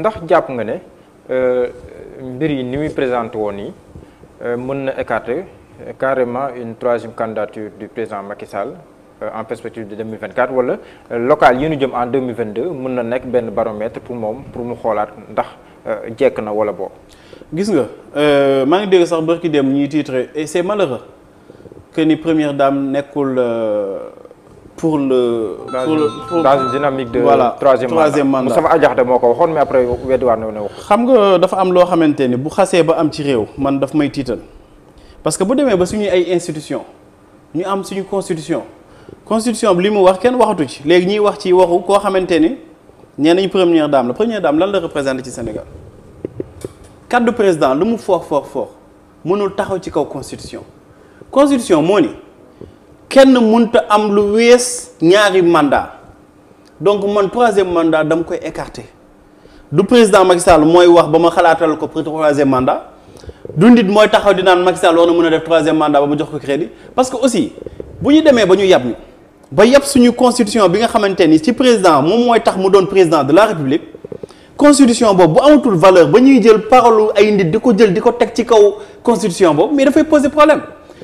ndax jàpp nga ne euh, mbir yi ni muy présenté woon yi euh, mën na écarter euh, carrément une troisième candidature du président Macky Sall en perspective de 2024 wala local yi ñu jëm en 2022 mën na nekk benn baromètre pour moom pour mu xoolaat ndax jekk na wala boo gis nga maa ngi dégg sax bërki dem ñuy titre et c'est malheureux que ni première dame nekkul. pour le. pour le pour dans une dynamique de. voilà troisième mandat troisième mandat Moustapha moo ko waxoon mais après weddiwaat na ne wax. xam nga dafa am loo xamante ni bu xasee ba am ci réew man daf may tiital parce que bu demee ba suñuy ay institution ñu am suñu constitution constitution bi li mu wax kenn waxatu ci léegi ñuy wax ci waxu koo xamante ni nee nañ première dame la première dame lan la représente ci Sénégal kaddu président lu mu fort fort fort mënul taxaw ci kaw constitution kenn mun mënta am lu wees ñaari mandat donc man troisième mandat dama koy écarter du président Macky Sall mooy wax ba ma xalaatal ko pour troisième mandat du nit mooy taxaw di naan Macky war na mun a def troisième mandat ba ma jox ko crédit parce que aussi bu ñu demee ba ñu yab ñu ba yab suñu constitution bi nga xamante ni ci président moom mooy tax mu doon président de la république constitution boobu bu amatul valeur ba ñuy jël parole ay nit di ko jël di ko teg ci kaw constitution boobu mais dafay poser problème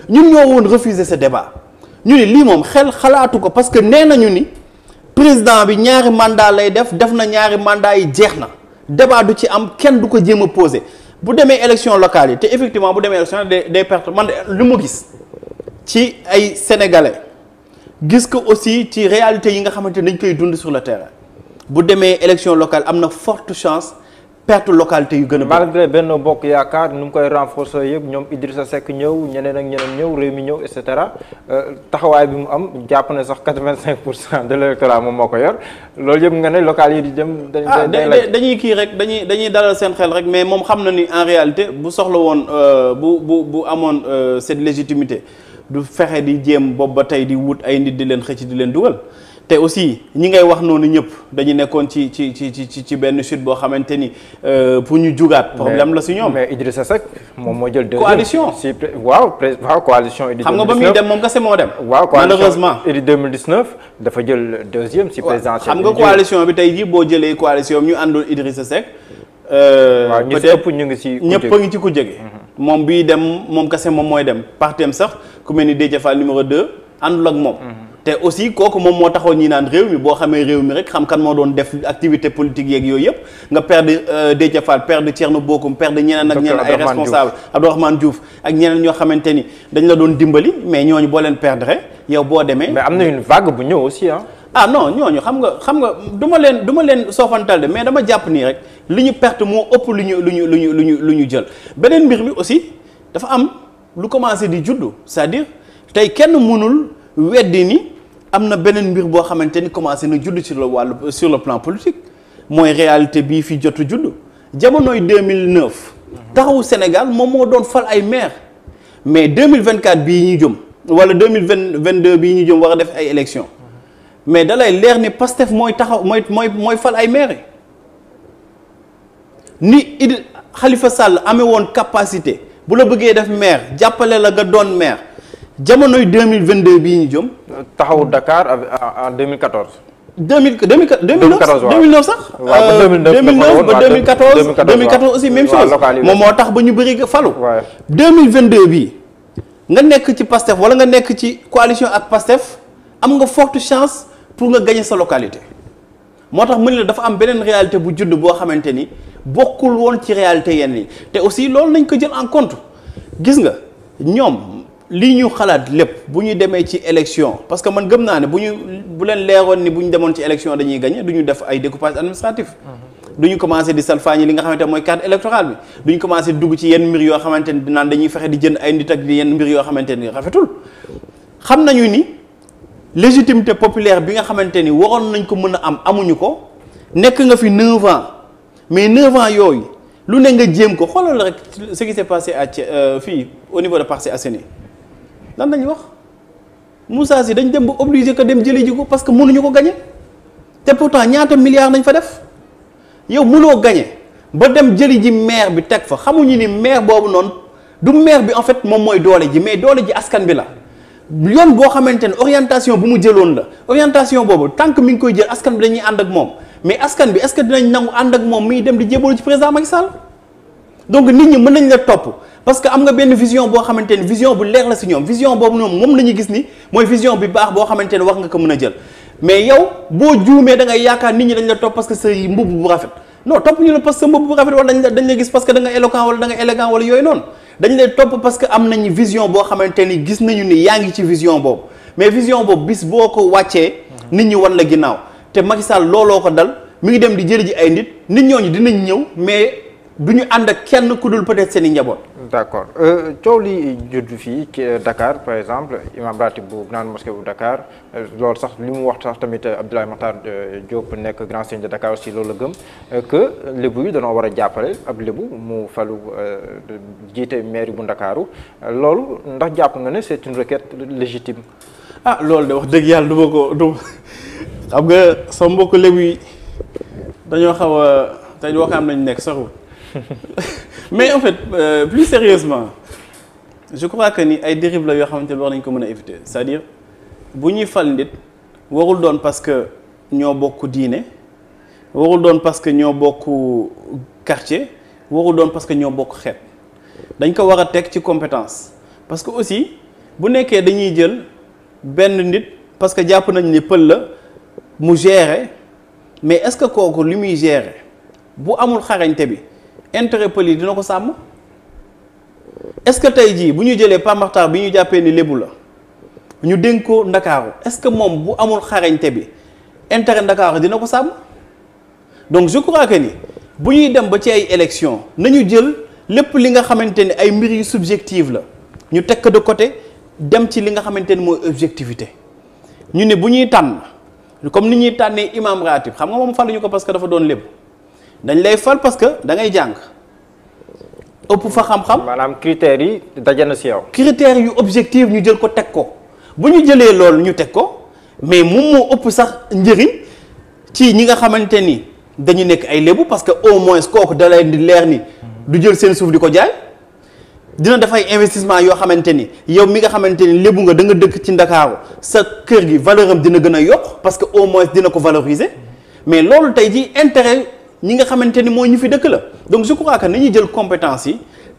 ñun ñoo woon refuser ce débat. ñu ni lii moom xel xalaatu ko parce que nee nañu ni président bi ñaari mandat lay def def na ñaari mandat yi jeex na débat du ci am kenn du ko jéem a posé bu demee élection locale yi te effectivement bu demee élection day day perte man lu ma gis ci ay sénégalais gis ko aussi ci réalité yi nga xamante ne dañ koy dund sur le terrain bu demee élection locale am na forte chance perte localité yu gën a. malgré benn bokk yaakaar nu mu koy renforcer yëpp ñoom Idrissa sekk ñëw ñeneen ak ñeneen ñëw réew mi ñëw et euh, taxawaay bi mu am jàpp na sax quatre vingt cinq pour cent de l' électorat moom moo ko yor loolu yëpp nga ne local yi di dem. dañuy ah, dañuy kii rek dañuy dañuy dalal seen xel rek mais moom xam na ni en réalité bu soxla woon euh, bu bu bu amoon euh, cette légitimité du fexe di jéem boobu ba tey di wut ay nit di leen xëcc di leen dugal. te aussi ñi ngay wax noonu ñëpp dañu nekkoon ci ci ci ci ci benn chute boo xamante ni euh, pour ñu jugaat problème la si ñoom. mais Idrissa Seck moom moo jël. deuxième coalition si waaw waaw coalition. Idy 2019 xam nga ba muy dem moom kese moo dem. waaw coalition malheureusement Idy 2019 dafa jël deuxième. si présidentielle xam nga bi tey jii boo jëlee coalition bi ñu àndoon Idrissa Seck. Euh, waaw ñu ñu ngi si ñëpp a ngi ci mm-hmm. moom bii dem moom kese moom mooy dem partem sax ku mel ni Déthié Fall numéro 2 àndul ak moom. Mm-hmm. te aussi kooku moom moo taxoon ñi naan réew mi boo xamee réew mi rek xam kan moo doon def activité politique yeeg yooyu yëpp nga perdre euh, Déthié Fall perdre Thierno Bocoum perdre ñeneen ak ñeneen ay responsable Abdourahmane Diouf ak ñeneen ñoo xamante ni dañ la doon dimbali mais ñooñu boo leen perdre yow boo demee mais am na une vague bu ñëw aussi ah ah non ñooñu xam nga xam nga du leen du ma leen soofantal de mais dama jàpp nii rek li ñu perte moo ëpp lu ñu lu ñu lu ñu lu ñu lu ñu jël beneen mbir mi aussi dafa am lu commencé di juddu cest à tey kenn mënul weddi ni am na beneen mbir boo xamante ni commencé na judd ci le wàllu sur le plan politique mooy réalité bii fi jotu judd jamonoy 2009. taxawu Sénégal moom moo doon fal ay maire mais 2024 bii ñu jëm wala 2022 bii ñu jëm war a def ay élections mais dalay leer ni Pastef mooy taxaw mooy mooy mooy fal ay maire ni Idi Khalifa Sall amee woon capacité bu la bëggee def maire jàppale la nga doon maire. jamonoy 2022 bii ñu jëm. taxawu Dakar en 2014. 2000 2014 2009 2009 sax. waaw ba 2009 ba 2014 2014 aussi même chose moom moo tax ba ñu bëri falu. 2022 bii nga nekk ci Pastef wala nga nekk ci coalition ak Pastef am nga forte chance pour nga gagner sa localité. moo tax mën la dafa am beneen réalité bu juddu boo xamante ni bokkul woon ci réalité yenn yi te aussi loolu nañ ko jël en compte gis nga ñoom. li ñu xalaat lépp bu ñu demee ci élection parce que man gëm naa ne bu ñu bu leen leeroon ni bu ñu demoon ci élection dañuy gañ du ñu def ay découpage administratif mhm. du ñu commencé di salfaañi li nga xamante mooy carte électorale bi du ñu commencé dugg ci yenn mbir yoo xamante ni naan dañuy fexe di jënd ay nit ak yenn mbir yoo xamante ni rafetul xam nañu ni légitimité populaire bi nga xamante ni waroon nañ ko mën a am amuñu ko nekk nga fi 9 ans mais 9 ans yooyu lu ne nga jéem ko xoolal rek ce qui s'est passé à euh, fii au niveau de Parcelles Assainies lan lañ wax Moussa si dañ dem ba obligé ko dem jëli ji ko parce que mënuñu ko gagné te pourtant ñaata milliards nañ fa def yow mënoo gagné ba dem jëli ji maire bi teg fa xamuñu ni maire boobu noonu du maire bi en fait moom mooy doole ji mais doole ji askan bi la. yoon boo xamante ne orientation bu mu jëloon la orientation boobu tant que mi ngi koy jël askan bi dañuy ànd ak moom mais askan bi est-ce que dinañ nangu ànd ak moom muy dem di jébalu ci président Macky Sall donc nit ñi mën nañ la topp. parce que am nga benn vision boo xamante ne vision bu leer la si ñoom vision boobu ñoom moom la ñu gis ni mooy vision bi baax boo xamante ne wax nga ko mën a jël mais yow boo juumee da yaakaar nit ñi dañ la topp parce que sa mbubb bu rafet non topp ñu la parce que sa mbubb bu rafet wala dañ la dañ la gis parce que da nga éloquent wala da yooyu noonu dañ lay topp parce que am nañu vision boo xamante ni gis nañu ni yaa ngi ci vision boobu mais vision boobu bis boo ko wàccee nit ñi wan la ginnaaw te Macky Sall looloo ko dal mi ngi dem di jëli ji ay nit nit ñooñu dinañ ñëw mais du ñu ànd ak kenn ku dul peut-être seen njaboot d' accord euh, coow li judd fii euh, dakaar par exemple imam ratib bu grande mosquée bu Dakar euh, loolu sax li mu wax sax tamit Abdoulaye Makhtar Diop nekk grand seigneur de Dakar aussi loolu la gëm que lébu yi danoo war a jàppale ab lébu mu falu jiite mairie bu Ndakaaru loolu ndax jàpp nga ne c' est une requête légitime. ah loolu de wax dëgg yàlla du ma ko du xam nga sa mbokk lébu yi dañoo xaw a tey waxaam nañ nekk saxul. mais en fait euh, plus sérieusement je crois que ni ay dérives la yoo xamante ne war nañ ko mën a éviter cest dire bu ñuy fal nit warul doon parce que ñoo bokk diine warul doon parce que ñoo bokku quartier warul doon parce que ñoo bokk xeet dañ ko war a teg ci compétence parce que aussi bu nekkee dañuy jël benn nit parce que jàpp nañ ni pël la mu gérer mais est-ce que kooku li muy gérer bu amul xarañte bi intérêt pël yi dina ko sàmm est-ce que tey jii bu ñu jëlee Pape Makhtar bi ñu jàppee ni lébu la ñu dénk ko Ndakaaru est-ce que moom bu amul xarañte bi intérêt Ndakaaru dina ko sàmm donc je crois que ni bu ñuy dem ba ci ay élections nañu jël lépp li nga xamante ni ay mbir yu subjective la ñu teg ko de côté dem ci li nga xamante ni mooy objectivité ñu ne bu ñuy tànn comme ni ñuy tànnee imam ratib xam nga moom fàlluñu ko parce que dafa doon lépp. dañ lay fal parce que da ngay jàng ëpp fa xam-xam. maanaam yi daje na si yow. critères yu objectif ñu jël ko teg ko bu ñu jëlee lool ñu teg ko mais moom moo ëpp sax njëriñ ci ñi nga xamante ni dañu nekk ay lébu parce que au moins kooku da di leer ni du jël seen suuf di ko jaay. dina dafay investissement yoo xamante ni yow mi nga xamante ni lébu nga danga dëkk ci ndakaaru sa kër gi valeur am dina gën a yokk parce que au moins dina ko valoriser mais loolu tey ji intérêt ñi nga xamante ni mooy ñu fi dëkk la donc je crois que nañu jël compétence yi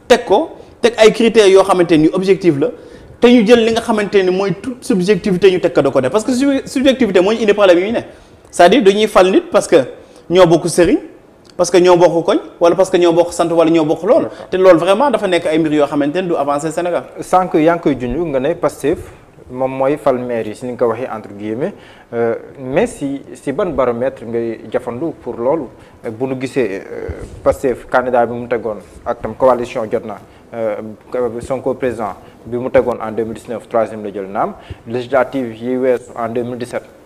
teg ko teg ay critère yoo xamante ni objectif la te ñu jël li nga xamante ni mooy toute subjectivité ñu teg ko da parce que subjectivité moo ñu indi problème yi ne cest à dañuy fal nit parce que ñoo bokk sëriñ parce que ñoo bokk koñ wala parce que ñoo bokk sant wala ñoo bokk loolu te loolu vraiment dafa nekk ay mbir yoo xamante ni du avancer Sénégal. sànq yaa ngi koy junj nga ne Pastef moom mooy fal yi si ni nga ko waxee entre guillemets euh, mais si si ban baromètre ngay jafandu pour loolu euh, bu nu gisee euh, Pastef candidat bi mu tegoon ak tam coalition jot na Sonko président bi mu tegoon en 2019 troisième la jël naam législative yi weesu en 2017.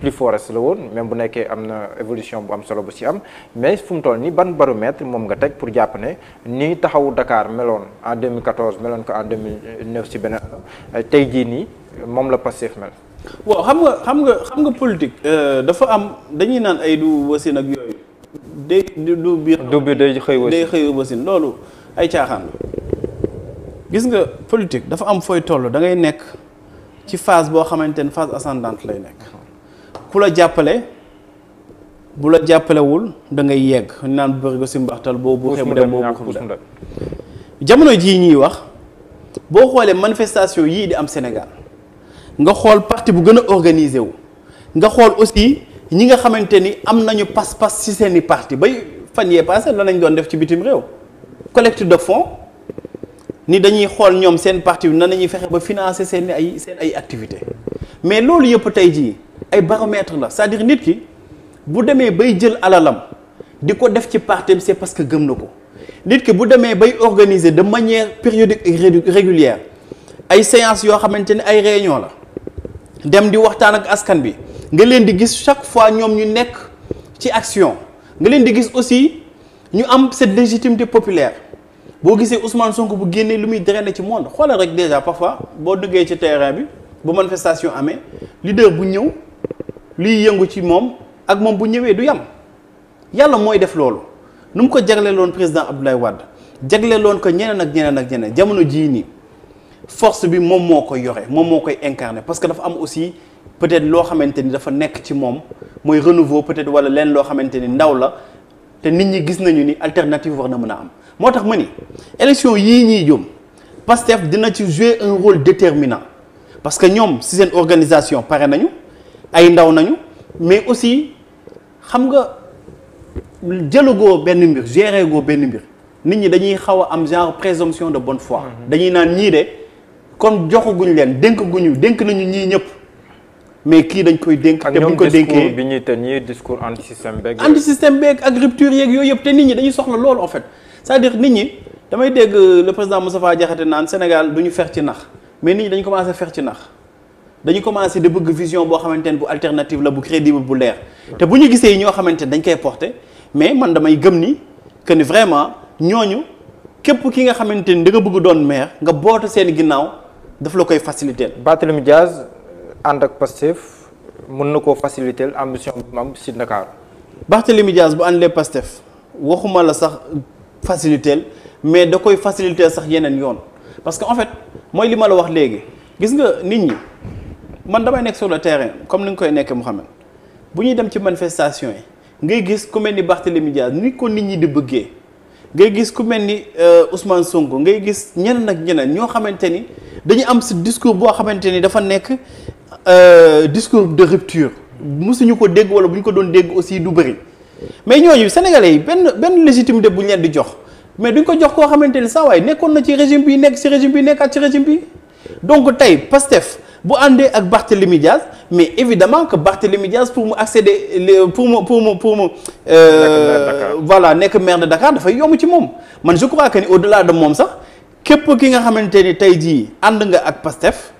plus forest la woon même bu nekkee am na évolution bu am solo bu ci am mais fu toll nii ban baromètre moom nga teg pour jàpp ne nii taxawu Dakar meloon en 2014 meloon ko en 2009 ci beneen anam tey jii nii moom la Pastef mel. waaw xam nga xam nga xam nga politique. Euh, dafa am dañuy naan ay du wasin ak yooyu. day du biir bi day xëy wasin xëy wasin loolu ay caaxaan gis nga politique dafa am fooy toll da nekk ci phase boo xamante ne phase ascendante lay nekk. ku la jàppale bu la jàppalewul da ngay yegg naan bëri ko si mbaxtal boobu xebu dem boobu jamono jii ñuy wax boo xoolee manifestation yii di am Sénégal nga xool parti bu gën a organisé wu nga xool aussi ñi nga xamante ni am nañu pas-pas ci seeni parti bay fan yee passé la lañ doon def ci bitim réew collecte de fonds ni dañuy xool ñoom seen parti bi nan la ñuy fexe ba financer seen ay seen ay activités mais loolu yëpp tey jii ay baromètre la cest dire nit ki bu demee bay jël alalam di ko def ci partem c'est parce que gëm na ko nit ki bu demee bay organiser de manière périodique et régulière ay séances yoo xamante ni ay réunion la dem di waxtaan ak askan bi nga leen di gis chaque fois ñoom ñu nekk ci action nga leen di gis aussi ñu am cette légitimité populaire boo gisee Ousmane Sonko bu génnee lu muy drainer ci monde xoolal rek déjà parfois boo duggee ci terrain bi bu manifestation amee leader bu ñëw. liy yëngu ci moom ak moom bu ñëwee du yam yàlla mooy def loolu nu mu ko jagleeloon président Abdoulaye Wade jagleeloon ko ñeneen ak ñeneen ak ñeneen jamono jii nii force bi moom moo koy yore moom moo koy incarné parce que dafa am aussi peut-être loo xamante ni dafa nekk ci moom mooy renouveau peut-être walla leen loo xamante ni ndaw la te nit ñi gis nañu ni alternative war na mën a am moo tax ma ni élection yii ñuy jëm Pastef dina ci jouer un rôle déterminant parce que ñoom si seen organisation pare nañu. ay ndaw nañu mais aussi xam nga jëlugoo benn mbir géré goo benn mbir nit ñi dañuy xaw a am genre présomption de bonne foi. Mhm. dañuy naan ñii de comme joxaguñ leen dénk guñu dénk nañu ñii ñëpp mais kii dañ koy dénk. te buñ ko dénkee discours bi ñuy tenir discours anti système beeg. anti système beeg ak rupture yeeg yooyu yëpp te nit ñi dañu soxla loolu en fait c'est-à-dire nit ñi damay dégg le président Moustapha Diakhaté naan Sénégal du ñu fer ci nax mais nit ñi dañu commencé fer ci nax. dañu commencé di bëgg vision boo xamante ne bu alternative la bu crédible bu leer te bu ñu gisee ñoo xamante dañ koy porter mais man damay gëm ni que ni vraiment ñooñu képp ki nga xamante ni da bëgg doon maire nga boote seen ginnaaw daf la koy faciliter. Barthélémy Diaz ànd ak Pastef mën na koo faciliter ambition bi mu am si Dakar. Barthélémy Diaz bu àndee Pastef waxuma la sax faciliter mais da koy faciliter sax yeneen yoon parce que en fait mooy li ma la wax léegi gis nga nit ñi. man damay nekk sur terrain comme ni nga koy nekkee Mouhamed bu ñuy dem ci manifestation yi ngay gis ku mel ni Barthélémy Dias ni ko nit ñi di bëggee ngay gis ku mel ni euh, Ousmane Sonko ngay gis ñeneen ak ñeneen ñoo xamante ni dañu am si discours boo xamante ni dafa nekk euh, discours de rupture musuñu ko dégg wala bu ñu ko doon dégg aussi du bëri mais ñooñu sénégalais yi benn benn de bu ñu leen di jox mais duñ ko jox koo xamante ni saa waay nekkoon na ci régime bi nekk ci régime bi nekkaat ci régime bi donc tey Pastef bu àndee ak Barthélémy Diaz mais évidemment que Barthélémy Diaz pour mu accéder pour mu pour mu pour mu. Euh, voilà nekk maire de Dakar dafay yomb ci moom man je ko que ni de delà de moom sax képp ki nga xamante ni tey jii ànd nga ak Pastef.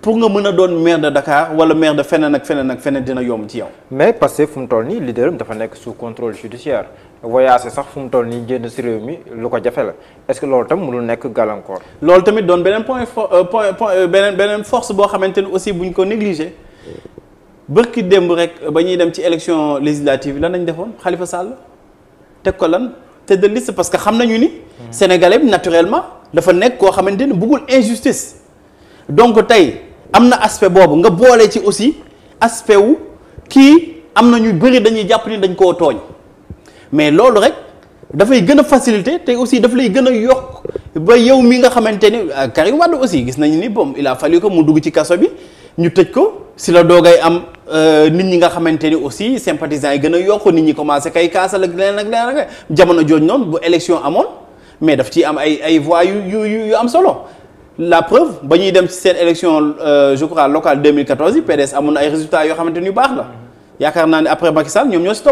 pour nga mën a doon maire de Dakar wala maire de feneen ak feneen ak feneen dina yomb ci yow. mais parce que fu mu toll nii leader dafa nekk sous contrôle judiciaire voyager sax fu mu toll nii génn si réew mi lu ko jafe la est-ce que loolu tam mënul nekk gàllankoor. loolu tamit doon beneen point euh, point point euh, beneen beneen force boo xamante ni aussi buñ ko négligé bërki démb rek euh, ba ñuy dem ci élection législative lan lañ defoon xalifa Sall teg ko lan te de liste parce que xam nañu ni. Sénégalais naturellement dafa nekk koo xamante ni bëggul injustice. donc tey am na aspect boobu nga boole ci aussi aspect wu kii am na ñu bëri dañuy jàpp ni dañ koo tooñ. mais loolu rek dafay gën a facilité te aussi dafa lay gën a yokk ba yow mi nga xamante ni euh, Karim Wade aussi gis nañu ni bon il a fallu que mu dugg ci kaso bi ñu tëj ko si la doogay am euh, nit ñi nga xamante ni aussi sympathisants yi gën a yokk nit ñi commencé kay kaasal ak leen ak leneen ak jamono jooju noonu bu élection amoon mais daf ci am ay ay voix yu yu am solo la preuve ba ñuy dem ci seen élection euh, je crois locale 2014 yi PDS amoon na ay xamante ni yu baax la yaakaar naa après Macky Sall ñoom ñoo si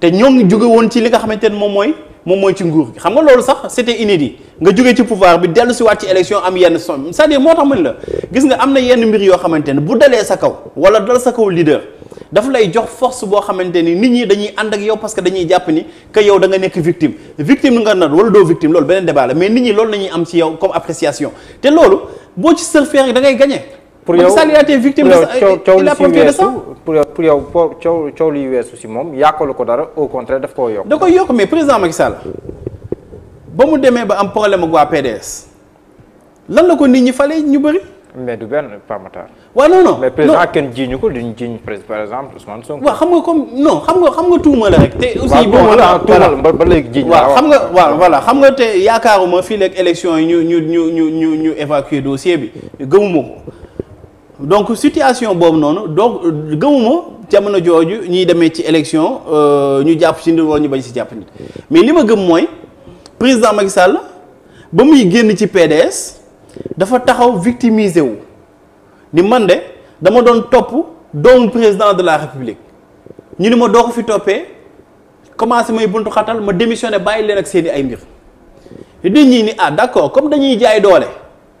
te ñoo ngi jóge woon ci li nga xamante ne moom mooy moom mooy ci nguur gi xam nga loolu sax c'était inédit nga jóge ci pouvoir bi dellu si waat ci élection am yenn som cest à moo tax man la gis nga am na yenn mbir yoo xamante ne bu dalee sa kaw wala dal sa kaw leader daf lay jox force boo xamante ni nit ñi dañuy ànd ak yow parce que dañuy jàpp ni que yow da nekk victime victime nga nat wala doo victime loolu beneen débat la mais nit ñi loolu la am ci yow comme appréciation te loolu boo ci surfer da ngay gagner pour yow Sall a été victime pour yow pour yow coow coow liy weesu si moom yàqalu ko dara au contraire daf koo yokk. da koy yokk mais président Macky Sall ba mu demee ba am problème ak waa PDS ko nit ñi fale ñu bëri. mais du benn Pape Matar. waaw non non président kenn jiiñu ko duñ jiiñ par exemple Ousmane Sonko. waaw xam nga comme non xam nga xam nga tuuma la rek. te aussi bon ah, voilà ba léegi jiiñ. waaw xam nga waaw voilà xam nga te yaakaaruma fii léegi élection yi ñu ñu ñu ñu ñu évacuer dossier bi gëmuma ko. donc situation boobu noonu donc gëmuma jamono jooju ñuy demee ci élection euh, ñu jàpp ci nit wala ñu bañ si jàpp nit mais li ma gëm mooy président Macky Sall ba muy génn ci PDS dafa taxaw victimiser wu ni man de dama doon topp doomu président de la république ñu ni ma doo ko fi toppee commencé may buntu xatal ma démissionné bàyyi leen ak seeni ay mbir nit ñi ni ah d'accord comme dañuy jaay doole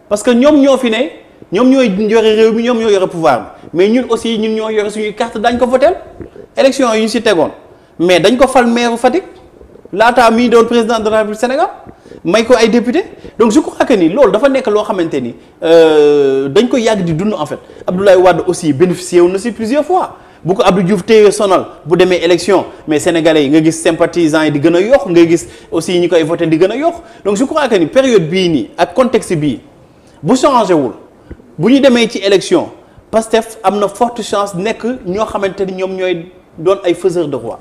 parce que ñoom ñoo fi ne. ñoom ñooy yore réew mi ñoom ñoo yore pouvoir mais ñun aussi ñun ñoo yore suñuy kart dañ ko voté élection yi ñu si tegoon mais dañ ko fal maire Fatick laataa mii doon président de la Sénégal may ko ay député donc je crois que ni loolu dafa nekk loo xamante ni euh, dañ ko yàgg di dund en fait Abdoulaye Wade aussi bénéficié wu na si plusieurs fois bu ko Abdou Diouf téye sonal bu demee élection mais sénégalais yi nga gis sympathisants yi di gën a yokk nga gis aussi ñi koy voté di gën a yokk donc je crois période bii nii ak contexte bii bu changé wul. bu ñu demee ci élection Pastef am na forte chance nekk ñoo xamante ni ñoom ñooy doon ay faiseurs de roi